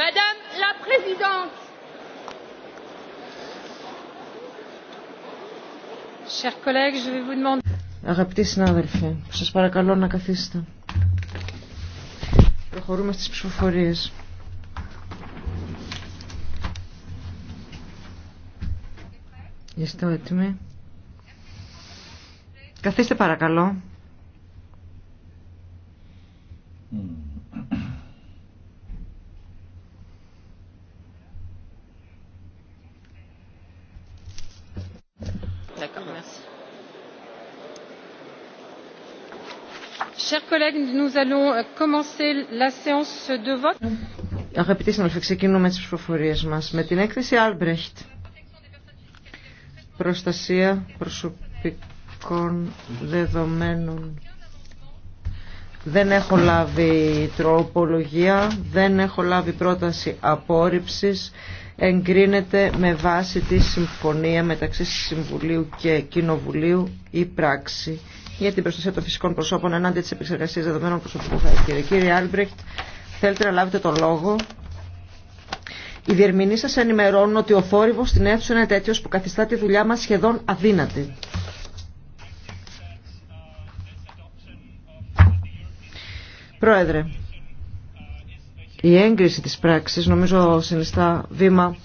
Madame la Présidente, chers collègues, je vais vous demander. Αγαπητοί συνάδελφοι, σας παρακαλώ να καθίσετε. Προχωρούμε στις ψηφοφορίες. Είστε έτοιμοι. Καθίστε παρακαλώ. Mm. Chers collègues, nous allons euh, commencer la séance de vote. Αγαπητοί συνάδελφοι, ξεκινούμε τις προφορίες μας με την έκθεση Albrecht. Προστασία προσωπικών δεδομένων. Δεν έχω λάβει τροπολογία, δεν έχω λάβει πρόταση απόρριψης. Εγκρίνεται με βάση τη συμφωνία μεταξύ Συμβουλίου και Κοινοβουλίου η πράξη για την προστασία των φυσικών προσώπων ενάντια της επεξεργασίας δεδομένων προσωπικού χαρακτήρα. Κύριε Άλμπρεχτ, θέλετε να λάβετε το λόγο. Οι διερμηνείς σας ενημερώνουν ότι ο θόρυβος στην αίθουσα είναι τέτοιος που καθιστά τη δουλειά μας σχεδόν αδύνατη. Πρόεδρε, η έγκριση της πράξης νομίζω συνιστά βήμα